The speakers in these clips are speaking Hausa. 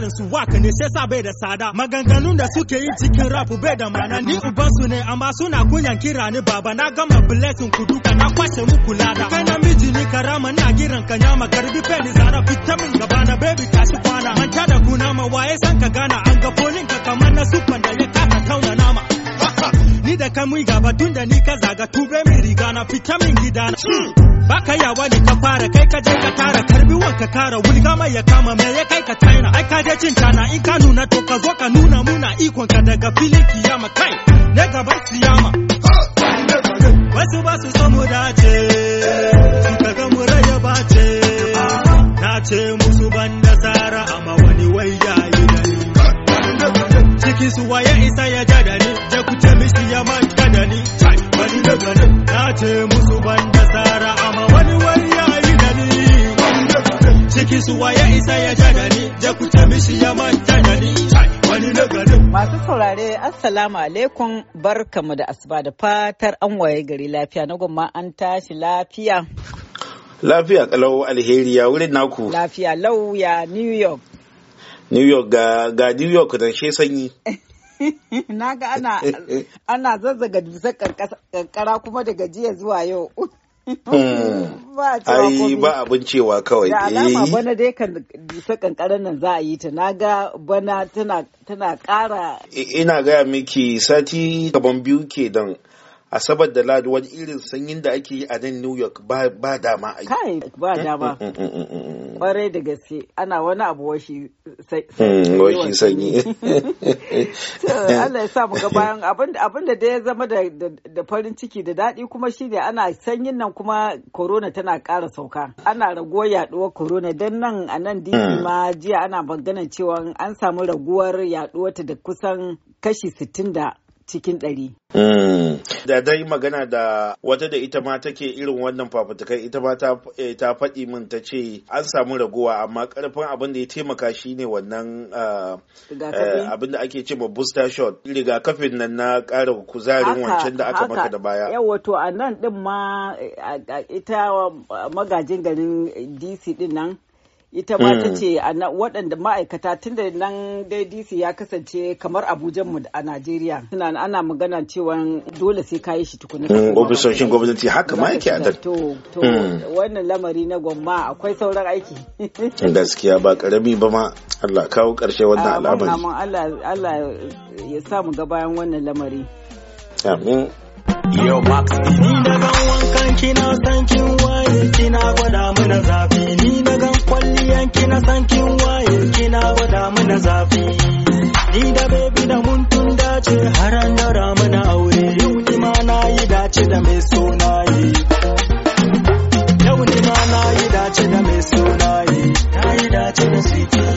misalin su waka ne sai sa bai da tsada maganganun da suke yi cikin rap bai da mana ni uban su ne amma suna kunyan kira ni baba na gama blessing ku duka na kwashe muku lada kai miji ni karama na giran ka nyama garbi ni zara vitamin gaba na baby tashi kwana an tada kuna ma waye san ka gana an ga folin ka kamar na sufan da ya kaka tauna nama ni da ka mu gaba tun ni ka zaga tube mai riga na fita min gida na hmm. baka yawa ka fara kai ka je ka tara karbi wanka kara wulga mai ya kama me ya kai ka taina ai ka je cin tana in ka nuna to ka zo ka nuna muna ikon ka daga filin kiyama kai ne gaba yama. wasu ba su samu dace su ka ga mu bace na musu ban nasara amma wani wai yayi da isa ya ni je ku mishi ya manta da ni wani nagarin. Masu saurare assalamu alaikum barkamu da asuba da fatar an waye gari lafiya na gwamma an tashi lafiya. Lafiya kalau alheri ya wurin naku. Lafiya lau ya New York. New York ga, ga New York dan she sanyi. na ga ana zazzaga dusar kankara kuma daga jiya zuwa yau. ba ai ba abin cewa kawai da alama eh. bana dai kan bisa kankaran nan za a yi ta na ga bana tana tana ƙara ina gaya miki sati gaban biyu ke don asabar da ladu wani irin sanyin da ake yi a nan new york ba dama a yi ba mm, dama mm, mm, kwarai da gaske ana wani abu washi hmm, washi sanyi Allah ya sa mu bayan abin da ya zama da farin ciki da daɗi kuma shine ana sanyin nan kuma korona tana ƙara sauka ana raguwar yaduwar korona, don nan a nan dini hmm. ma jiya ana maganar cewa an samu raguwar yaɗuwar ta da kusan kashi sittin da cikin ɗari. Hmm. Da dai magana da wata da ita ma take irin wannan fafutukai ita ma ta eh, faɗi min ta ce an samu raguwa amma ƙarfin abin da ya taimaka shi ne wannan ah, eh, abin da ake ce ma booster shot rigakafin nan na ƙara kuzarin wancan da aka maka da baya. yau wato a nan ɗin ma eh, ita ah, magajin garin DC ɗin nan ita ma ta hmm. ce waɗanda ma'aikata tun da nan dai DC ya kasance kamar Abuja mu a Najeriya suna ana magana cewa dole sai ka yi shi tukuni. Hmm, ofisoshin gwamnati haka ma yake a To to hmm. wannan lamari na gwamma akwai sauran aiki. Gaskiya ba karami ba ma Allah kawo ƙarshe wannan al'amari. Allah ya sa mu ga bayan wannan lamari. Amin. Yo Max. Ni na ga wankan kina san kin waye kina gwada mana zafi ni na ga bayan kina san kin waye kina gwada mana zafi ni da baby da mun tun dace har an dara mana aure yau ni ma na yi dace da mai suna yi yau ni ma na yi dace da mai suna yi na yi dace da sweetie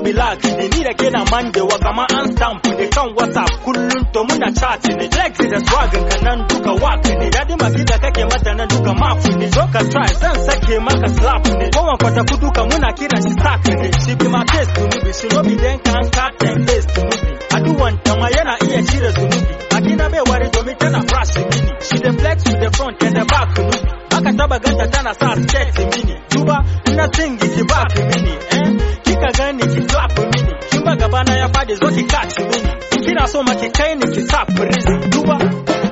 no be lag the need again a man da waka ma an stamp ne kan whatsapp kullum to muna chat ne like da swag ka nan duka wak ne dadi maki da kake mata nan duka map ne zo ka try zan sake maka slap ne kowan kwata kudu ka muna kira shi stack ne shi bi ma case to be shi no be den kan start ten case to be aduwan tama yana iya cire zunubi a gina bai wari domin tana brush mini she dey flex with the front and the back nubi aka taba ganta tana sa skate mini duba ina singi gaba gabana ya fadi zo ki catch me kina so ma ki kai ni ki sa duba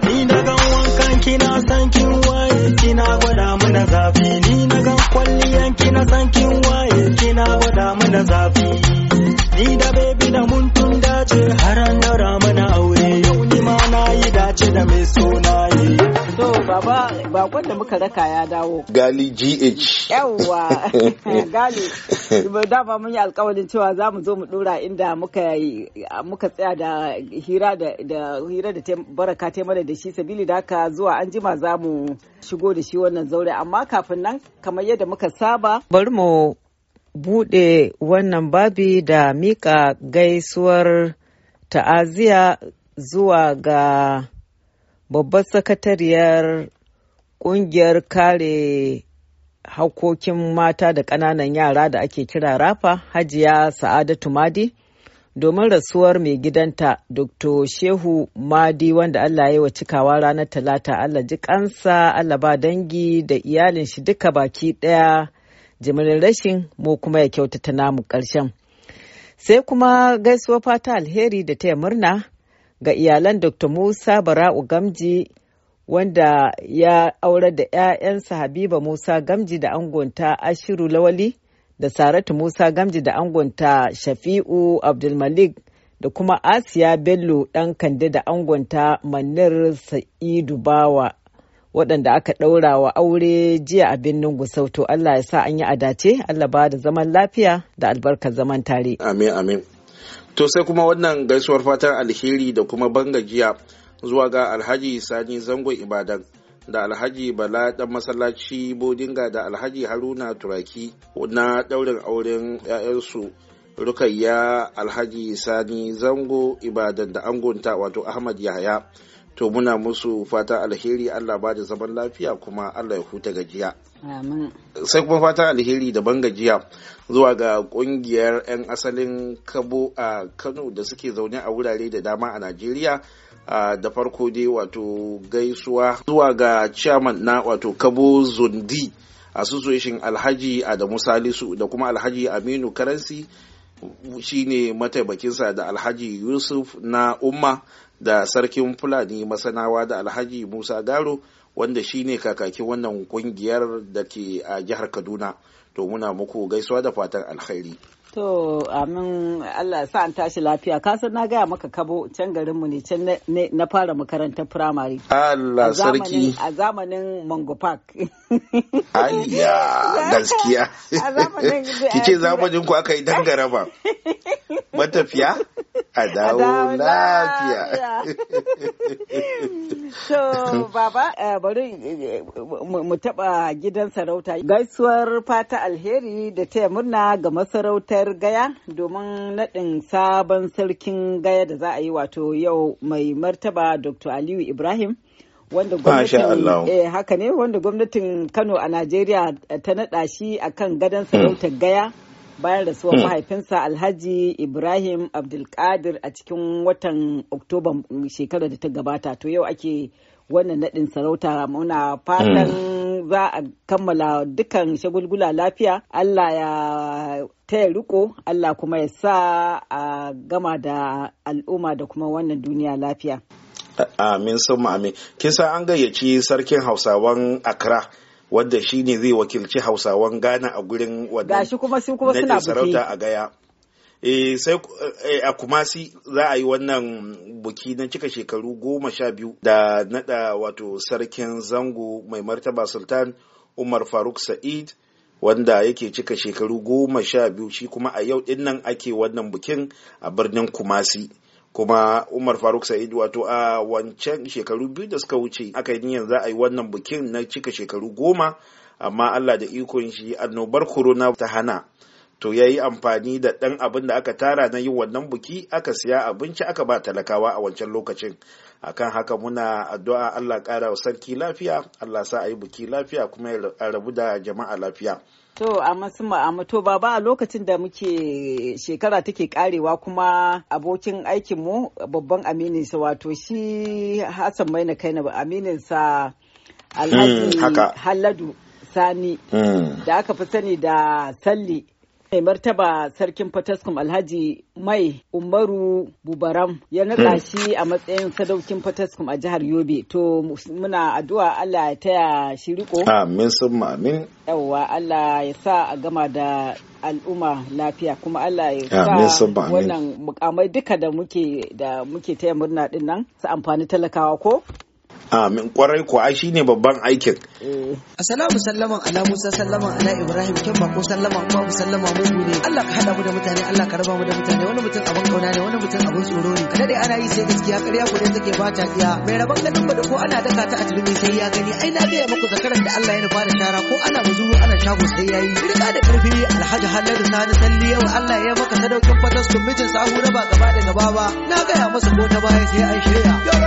ni na ga wankan kina san kin waye kina gwada mana zafi ni na ga kwalliyan kina san kin waye kina gwada mana zafi ni da bakon da muka raka ya dawo. Gali GH. Yawwa gali dama mun yi alkawarin cewa za mu zo mu dora inda muka tsaya da hira da hira da baraka ta mana da shi sabili da haka zuwa an jima za mu shigo da shi wannan zaure amma kafin nan kamar yadda muka saba bari mu bude wannan babi da mika gaisuwar ta'aziya zuwa ga babbar sakatariyar ƙungiyar kare hakokin mata da ƙananan yara da ake kira rafa hajiya sa'adatu madi domin rasuwar mai gidanta dr shehu madi wanda allah ya wa cikawa ranar talata allah ji kansa allah ba dangi da iyalin shi duka baki ɗaya jimirin rashin mu kuma ya kyautata namu ƙarshen sai kuma gaisuwa fata alheri da ta taya murna ga iyalan dr musa bara'u gamji wanda ya aurar da 'ya'yansa Habiba Musa Gamji da angonta Ashiru Lawali da Saratu Musa Gamji da angonta Shafi'u Abdulmalik da kuma Asiya Bello ɗan Kande da angonta Manir Sa'idu Bawa waɗanda aka ɗaura wa aure jiya a birnin Gusau to Allah ya sa an yi adace Allah ba da zaman lafiya da albarkar zaman tare. Amin amin. To sai kuma wannan gaisuwar fatan alheri da kuma jiya. zuwa ga alhaji sani zangon ibadan da alhaji bala dan masallaci bodinga da alhaji haruna turaki na daurin auren 'ya'yansu rukayya alhaji sani zango ibadan da angonta wato ahmad yahaya to muna musu fata alheri allah ba da zaman lafiya kuma allah ya huta gajiya sai kuma fata alheri daban gajiya zuwa ga kungiyar 'yan asalin kabo a kano da suke zaune a wurare da dama a najeriya da farko dai wato gaisuwa zuwa ga chairman na wato kabo zundi association alhaji adamu salisu da kuma alhaji aminu karansi shine mataimakinsa da alhaji yusuf na umma da sarkin fulani masanawa da alhaji musa garo wanda shine kakakin wannan kungiyar da ke a jihar kaduna to muna muku gaisuwa da fatan alkhairi To, amin Allah sa an tashi lafiya. Kasan na gaya maka kabo can garinmu ne can na fara makarantar firamare. Allah sarki. A zamanin Mango Park. Ayya gaskiya. A zamanin. Kice zamanin ku aka yi dangara ba. Matafiya? A dawo lafiya. To, baba, eh, bari eh, mu taɓa gidan sarauta. Gaisuwar fata alheri da taya murna ga masarautar maɗaurinayar gaya domin naɗin sabon sarkin gaya da za a yi wato yau mai martaba Dr. Aliyu Ibrahim. Wanda gwamnatin eh, haka ne wanda gwamnatin Kano a Najeriya ta naɗa shi a kan gadon sarautar hmm. gaya bayan rasuwar hmm. mahaifinsa Alhaji Ibrahim Abdulkadir a cikin watan Oktoba shekarar da ta gabata. To yau ake wannan naɗin sarauta muna fatan mm. za a kammala dukkan shagulgula lafiya Allah ya taya riko Allah kuma ya sa a gama da al'umma da kuma wannan duniya lafiya. Amin sun amin. Kin san an gayyaci sarkin Hausawan Accra wadda shi ne zai wakilci Hausawan Ghana a gurin wadda. Gashi sarauta a gaya. Eh, sai eh, a kumasi za a yi wannan buki na cika shekaru goma sha biyu da nada wato sarkin zango mai martaba sultan umar faruk sa'id wanda yake cika shekaru goma sha biyu shi kuma a yau din nan ake wannan bukin a birnin kumasi kuma umar faruk sa'id wato a wancan shekaru biyu da suka wuce aka yi niyan za a yi wannan bukin na cika shekaru goma amma allah da ikon shi annobar corona ta hana to ya yi amfani da ɗan abin da aka tara na yin wannan buki aka siya abinci aka ba talakawa a wancan lokacin akan haka muna addu'a allah ƙara sarki lafiya allah sa a yi buki lafiya kuma ya rabu da jama'a lafiya To amma sun to baba a lokacin da muke shekara take karewa kuma abokin aikin mu babban amininsa wato shi Hassan Maina Kaina sa hmm, Alhaji Halladu Sani hmm. da aka fi sani da Salli. mai martaba sarkin fataskum alhaji mai umaru bubaram ya naɗa hmm. shi a matsayin sadaukin fataskum a jihar yobe to muna addu'a allah ya taya shi riko amin sun amin yawwa allah ya sa a gama da al'umma lafiya kuma Allah ya sa wannan mukamai duka da muke taya murna din nan su amfani talakawa ko Amin kwarai ko ai shine babban aikin. Assalamu sallaman ala Musa sallaman ala Ibrahim kyan bako sallama kuma mu sallama mu ne. Allah ka hada da mutane Allah ka raba mu da mutane wani mutum abin kauna ne wani mutum abin tsoro ne. Kada dai ana yi sai gaskiya ƙarya ko dai take bata iya Mai raban ganin ba da ko ana daka ta a sai ya gani ai na gaya muku zakaran da Allah ya nufa da shara ko ana muzuru ana shago sai ya yi. Rika da karfi Alhaji Halladu Sani salli yau Allah ya maka sadaukin fatas kun mijin sahu na ba gaba da gaba ba. Na gaya masa ko ta baya sai an shirya. Yau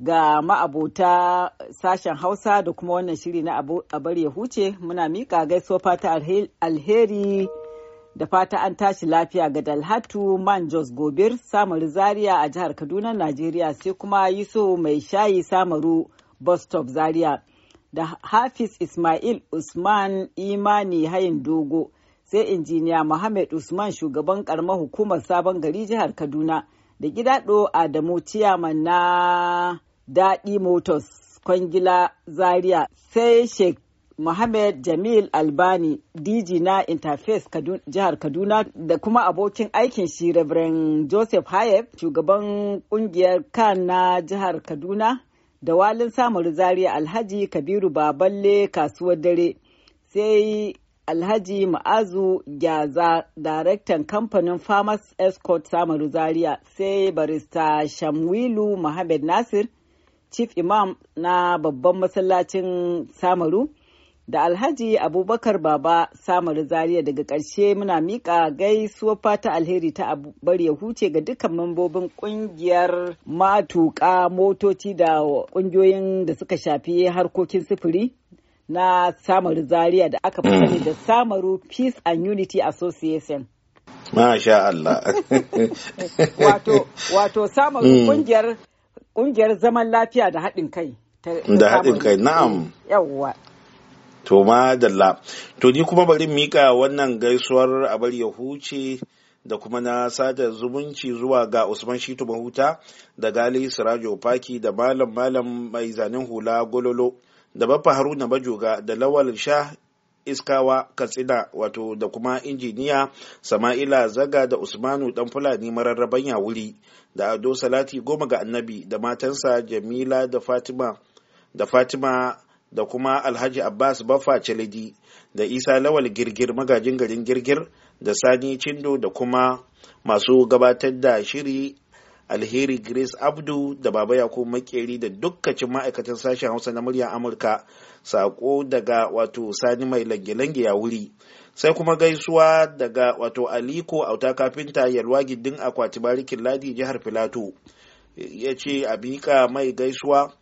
ga ma'abota sashen hausa da kuma wannan shiri na abar ya huce muna miƙa gaisuwa fata alheri da fata an tashi lafiya ga dalhatu man jos gobir samaru zaria a jihar kaduna najeriya sai kuma so mai shayi samaru stop zaria da hafiz ismail usman imani hayin dogo sai injiniya muhammad usman shugaban karamar hukumar sabon gari jihar kaduna da gidaɗo Adamu ciyaman na Daɗi Motors Kwangila Zaria sai Sheikh Mohammed Jamil Albani DG na Interface jihar Kaduna da kuma abokin aikin shi Reverend Joseph Hayef shugaban kungiyar kan na jihar Kaduna da walin samun Zaria Alhaji Kabiru Baballe kasuwar dare sai Alhaji Ma'azu Gyaza, daraktan kamfanin Farmers Escort Samaru Zaria, sai barista Shamwilu Muhammad Nasir, Chief Imam na babban masallacin Samaru, da Alhaji Abubakar Baba Samaru Zaria daga ƙarshe muna miƙa gaisuwar fata alheri ta bari ya huce ga dukkan mambobin ƙungiyar matuƙa motoci da ƙungiyoyin da suka shafi harkokin sufuri. na samaru zaria da aka fi sani da samaru peace and unity association Masha Allah. wato, samaru mm. kungiyar kungiyar zaman lafiya da haɗin kai. Da haɗin kai, na'am. Eh, yawwa. To ma dalla. To ni kuma bari mika wannan gaisuwar a bari ya huce da kuma na sada zumunci zuwa ga Usman Shitu Mahuta da Gali Sirajo Faki da Malam Malam mai zanen hula Gololo. da baffa haruna bajoga da lawal sha iskawa katsina wato da kuma injiniya sama'ila zaga da usmanu dan fulani mararraban wuri da ado salati goma ga annabi da matansa jamila da fatima da fatima da kuma alhaji abbas baffa chalidi da isa lawal girgir magajin garin girgir da sani chindo da kuma masu gabatar da shiri alheri grace abdu da baba yakubu makeri da dukkacin ma'aikatan sashen hausa na muryar amurka sako daga wato sani mai lange-lange ya wuri sai kuma gaisuwa daga wato aliko auta kafinta yalwa gindin akwati barikin ladi jihar filato ya ce a bika mai gaisuwa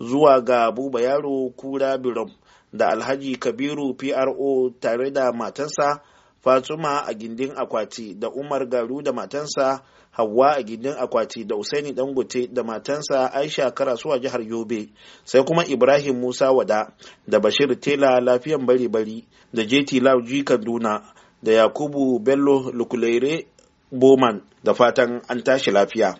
zuwa ga buba yaro kura biram da alhaji kabiru pro tare da matansa. fatsuma a gindin akwati da umar garu da matansa hawa a gindin akwati da usaini dangote da matansa aisha karasuwa jihar yobe sai kuma ibrahim musa wada da bashir tela lafiyan bari bari da jt lauji kaduna da yakubu bello lukulere boman da fatan an tashi lafiya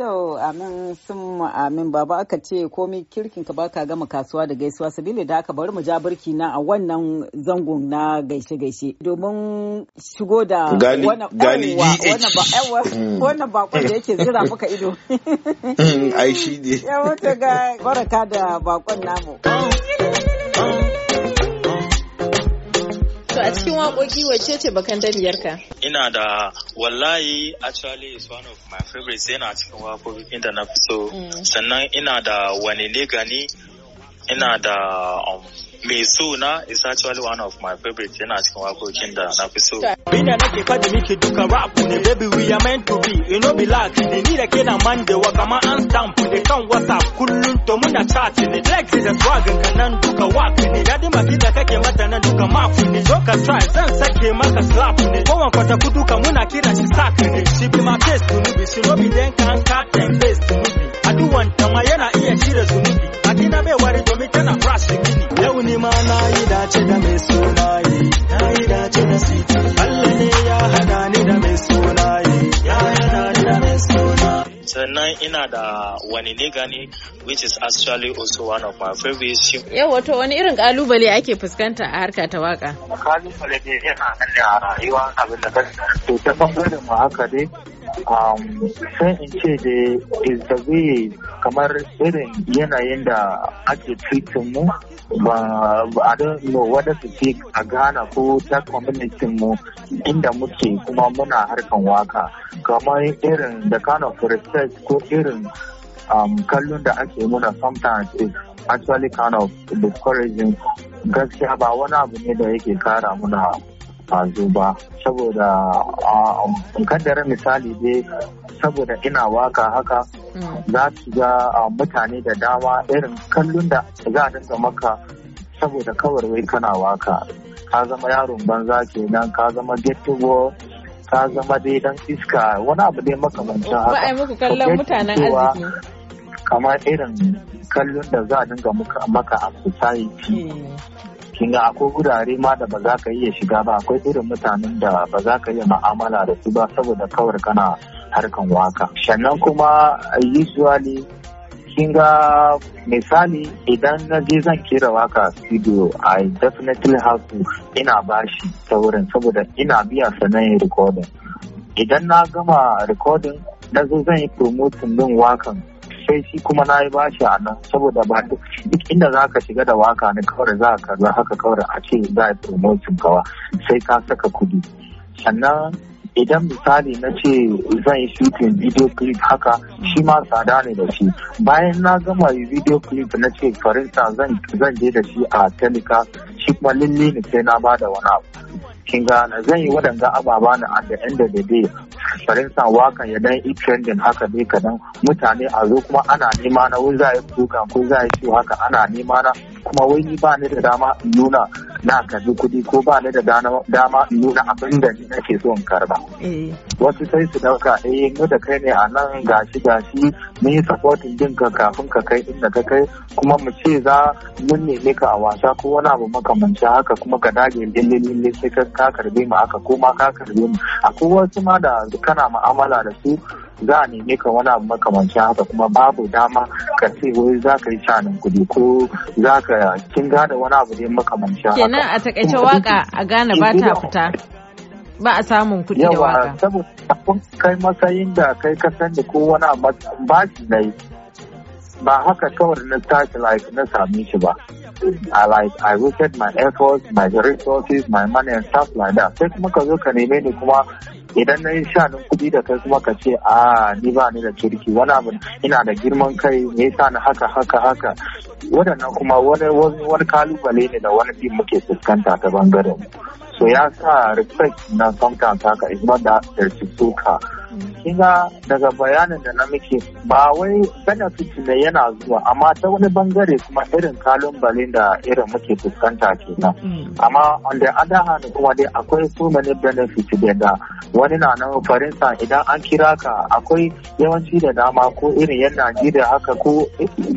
To, amin sun amin baba aka ce komi kirkin ka baka gama kasuwa da gaisuwa sabili da aka bari mu ja birki na a wannan zangon na gaishe-gaishe domin shigo da wannan e mm. bakon da yake zira muka ido. Mm, ai shi ne. Ya wuce ga baraka da bakon namu. To a cikin waƙoƙi wacce ce bakan ka? Ina da wallahi actually is one of my favorites yana cikin waƙoƙi da na fi so. Mm. Sannan ina da wani ne gani ina da um, mai so na is actually one of my favorite yana cikin wakokin da na fi so. Binda nake fadi miki duka rap ne baby we are meant to be you know be like ni ni da ke na man da waka ma an stamp da kan whatsapp kullun to muna chat ne legs da swag ka nan duka wak ne dadi maki da kake mata nan duka map ne zo ka try zan sake maka slap ne ko wan kwata kudu ka muna kira shi sak ne shi bi ma case to nubi shi no be den kan cut and paste to nubi aduwan tama yana iya da zunubi karewar domin tana prosecuting yau ni ma na yi dace da mai sunaye na yi dace da siti Allah ne ya hada ni da mai sunaye ya hada ni da mai sunaye sannan ina da wani ne gani which is actually also one of my favorites yau wato wani irin kalubale ake fuskanta a harka ta waka kalubale ne yana nan a rayuwa abin da kake to ta bangaren mu haka dai Um, sai in ce da is the kamar irin yanayin da ake treatin mu ba a don know wadda su a Ghana ko ta community mu inda muke kuma muna harkan waka kamar irin da kind of ko irin um, kallon da ake muna sometimes is actually kind of discouraging gaskiya ba wani abu ne da yake kara muna zo ba saboda kaddara misali dai saboda ina waka haka mm. za su ga mutane da dama irin kallon da za a dinga maka saboda kawar wai kana waka ka zama yaron banza ke nan ka zama ghetto ka zama dai dan iska wani abu dai makamancin haka ba a yi muku kallon mutanen arziki kamar irin kallon da za a dinga maka a society hmm. kin ga akwai wurare ma da ba za ka iya shiga ba akwai irin mutanen da ba za ka iya ma'amala da su ba saboda kawar kana harkan waka sannan kuma usually kin ga misali idan na je zan kera waka studio i definitely have to ina bashi saurin saboda ina biya sanayin recording idan na gama recording na zo zan yi promoting din wakan sai shi kuma na yi bashi a nan saboda ba duk inda za ka shiga da waka ne kawai za ka za haka kawai a ce za a promotion kawa sai ka saka kudi sannan idan misali na ce zan yi shooting video clip haka shi ma tsada ne da shi bayan na gama video clip na ce farinta zan je da shi a telecast shi kuma lalle ne sai na ba da wani abu kin gane zan yi waɗanda ababa na at the end of the farin sa wakan ya dan yi trending haka dai kadan mutane a zo kuma ana nema na wun za kuka ko za a ci haka ana nema na kuma wai ni ba ni da dama in nuna na karbi kuɗi ko ba ni da dama in nuna abin da ni nake so in karba. Eh. Wasu sai su ɗauka eh ni da kai ne a nan gashi gashi ni yi supporting din ka kafin ka kai inda ka kai kuma mu ce za mun neme ka a wasa ko wani abu makamanci haka kuma ka dage lalle sai ka karbe mu haka ko ma ka karbe mu akwai wasu ma da kana ma'amala da su za a neme ka wani abu makamancin haka kuma babu dama ka ce wai za ka yi canin kudi ko za ka kin gane wani abu ne makamancin haka. Kenan a takaice waka a gane ba ta fita. ba a samun kudi da waka. saboda kai matsayin da kai ka da ko wani abu ba shi na yi ba haka kawai na tashi like na sami shi ba. I like I wasted my efforts, my resources, my money and stuff like that. Sai kuma ka zo ka neme ni kuma idan na yi shanin kuɗi da kai kuma ka ce a ni ba ni da kirki wani abu ina da girman kai me yasa na haka haka haka waɗannan kuma wani kalubale ne da wani ɗin muke fuskanta ta bangaren so ya sa respect na sometimes haka is not that there's shiga daga bayanin da na muke ba wai benefit ne yana zuwa amma ta wani bangare kuma irin kalubalen da irin muke fuskanta ke nan. Mm. amma on the other hand kuma dai akwai so many benefit da da wani na nan farinsa idan an kira ka akwai yawanci da dama ko irin yan Najeriya haka ko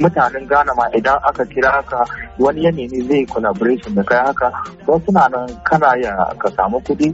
mutanen Ghana ma idan aka kira ka wani yanayi nemi zai collaboration da kai haka wasu na nan kana ya ka samu kuɗi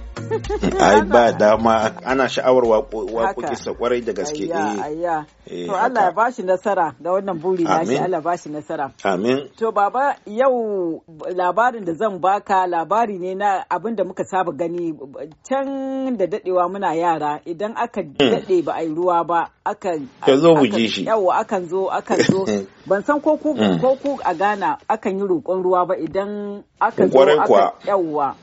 ai ba dama ana sha'awar waƙoƙinsa kwarai da gaske eh. Eh, to Allah ya bashi nasara ga wannan buri na shi Allah bashi nasara amin to baba yau labarin da zan baka labari ne na abin da muka saba gani can da dadewa muna yara idan aka hmm. dade ba ai ruwa ba akan ka zo wuje shi yau akan zo akan zo hmm. ban san ko ku hmm. ko ku a Ghana akan yi roƙon ruwa ba idan aka zo aka yawa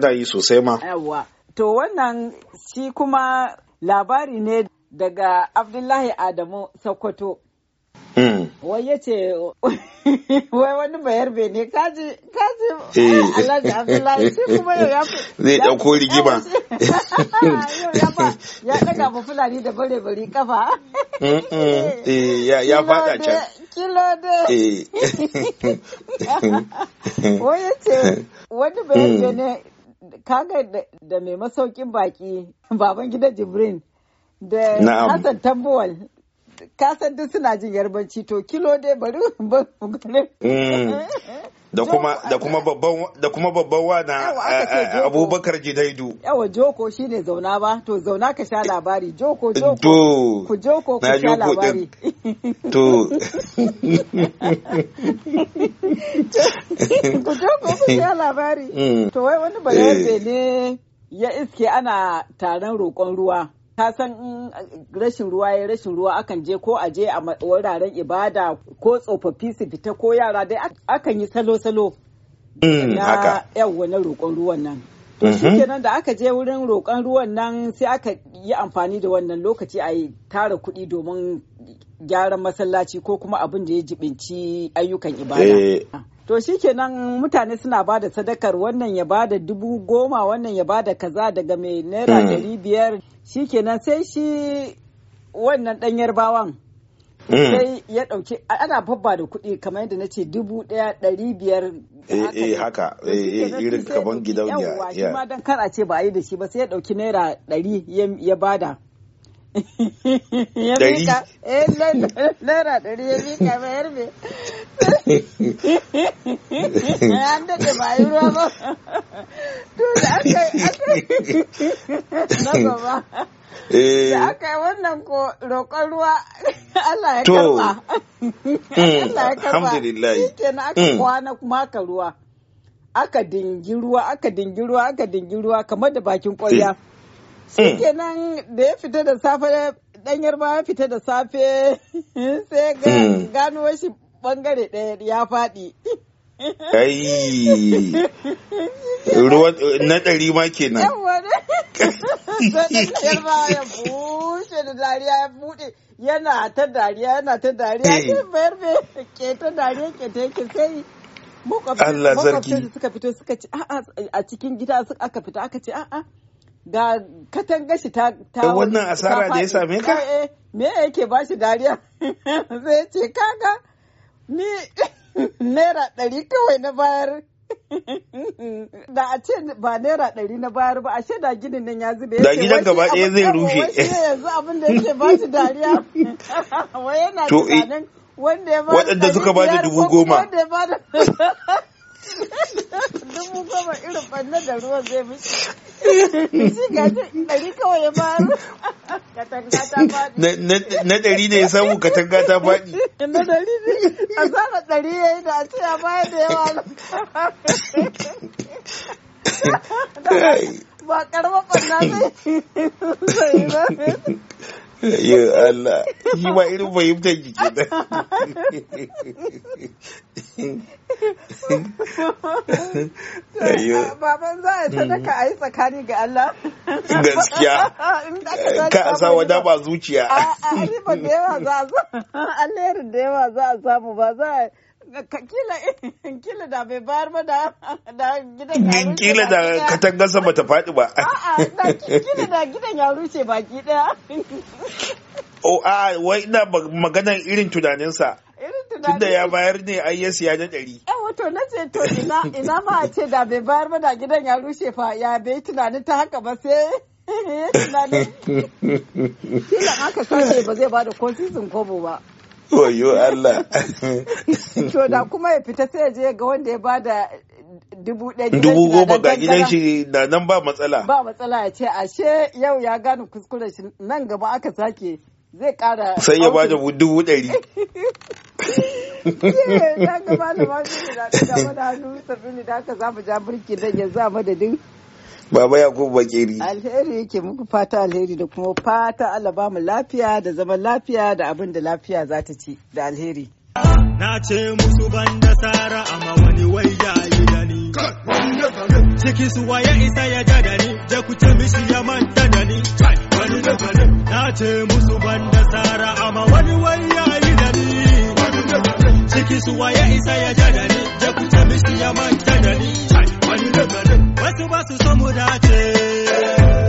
da yi sosai ma. Yawwa. To wannan shi kuma labari ne daga Abdullahi Adamu Sokoto. Hmm. Wai ya ce, wai wani bayar bai ne, kaji, kaji, eh. Alhaji Abdullahi, shi kuma yau ya fi. Zai ɗauko rigima. Ya ɗaga ma Fulani da bare bari kafa. Hmm, hmm. Eh, ya faɗa can. Kilo eh. da. Wai ya ce, wani bayar bai ne, kaga da mai masaukin baki, baban gidan Jibrin. Da Hassan Tambuwal ka san duk suna jin yarbanci to kilo dai bari mm. da kuma da kuma babban da kuma babban wana Abubakar Jidaidu yawa Joko shine zauna ba to zauna ka sha labari Joko Joko ku Joko ku sha labari to ku Joko ku sha labari to wai wani bayan eh. ne ya iske ana taron roƙon ruwa ka san eh, rashin ruwa ya rashin ruwa akan je ko a je a wuraren ibada ko tsofaffi su fita ko yara dai akan yi salo-salo mm, na yawwa na roƙon ruwan nan to mm-hmm. shi kenan da aka je wurin roƙon ruwan nan sai aka yi amfani da wannan lokaci a tara kuɗi domin gyaran masallaci ko kuma abin da ya jibinci ayyukan ibada eh, ah. To shi kenan mutane suna ba da sadakar wannan ya ba da dubu goma wannan ya ba da kaza daga mai naira dari mm. biyar shi kenan sai shi wannan ɗan yarbawan mm. sai ya ɗauki ana babba da kuɗi kamar yadda na ce dubu ɗaya ɗari biyar eh, eh haka eh, eh irin kaban gidauniya yawa shi ma dan kar a ce ba a yi da shi ba sai ya ɗauki naira ɗari ya bada dari naira eh, ɗari er, ya mika mayar me an daɗe ba yi ruwa ba to da aka yi na gaba da aka yi wannan ko roƙon ruwa Allah ya karba Allah eh. ya shi na aka kwana aka ruwa aka dingi ruwa aka dingi ruwa aka dingi ruwa kamar da bakin ƙwarya Mm. nan da ya fita da safe dan yarba ya fita da safe sai mm. gano shi bangare ɗaya ya faɗi. ai ruwa na ɗari ma kenan. Yawwa yarba ya bushe da dariya ya buɗe yana ta dariya yana ta dariya bayar mm. ke ta dariya ke ta yake sai makwabcin suka fito suka ce a'a a cikin gida aka fita aka ce a'a ga katangar shi ta ta wannan asara da ya same ka eh, eh me yake ba shi dariya zai ce kaga ni naira ɗari kawai na bayar da a ce ba naira ɗari na bayar ba a ashe da ginin nan ya zube da gidan gaba ɗaya zai rushe yanzu abin da yake ba shi dariya wai yana eh, tunanin wanda ya ba waɗanda suka ba da dubu goma dubu goma irin ɓanna da ruwan zai mishi shi ga ɗari kawai ya faru katanga ta faɗi na ɗari ne ya samu katanga ta faɗi na ɗari ne a sama ɗari ya yi da a ce a baya da yawa ba karɓar ɓanna zai yi ba Ya Allah, shi ma irin fahimtar ki ke Baban za a sadaka a yi tsakani ga Allah. Gaskiya. Ka a sa wada ba zuciya. A ba da yawa za a samu, alherin da yawa za a samu ba za a kila kila da bai bayar ba da da gidan kila da katangar sama ta faɗi ba a'a kila da gidan ya rushe baki daya o a wai ina maganar irin tunaninsa tunda ya bayar ne ai ya siya na ɗari. Eh wato na ce to ina ina ma a ce da bai bayar ba da gidan ya rushe fa ya bai tunanin ta haka ba sai tunanin. Kila aka sace ba zai bada ko sun kobo ba. Wayo Allah. To da kuma ya fita sai ya je ga wanda ya bada dubu ɗaya dubu goma ga gidan shi da nan ba matsala. Ba matsala ya ce ashe yau ya gane kuskuren shi nan gaba aka sake zai kara. Sai ya bada dubu ɗari. Ya gaba da mafi da hannu sabini da aka zama ja birki da yanzu a madadin Baba Yakubu Bakeri. Alheri yake muku fata alheri da kuma fata Allah ba mu lafiya da zaman lafiya da abin da lafiya za ta ci da alheri. Na ce musu ban da tsara amma wani wai ya yi da ni. Ciki su ya isa ya ja da ni, je ku ce mishi ya manta da ni. Na ce musu ban da tsara amma wani wai ya yi da ni. Ciki su ya isa ya ja da ni, je ku ce mishi ya manta da ni. su ba su so mu dace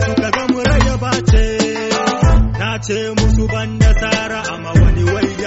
suka ga mu rage bace na ce musu ban nasara amma wani wai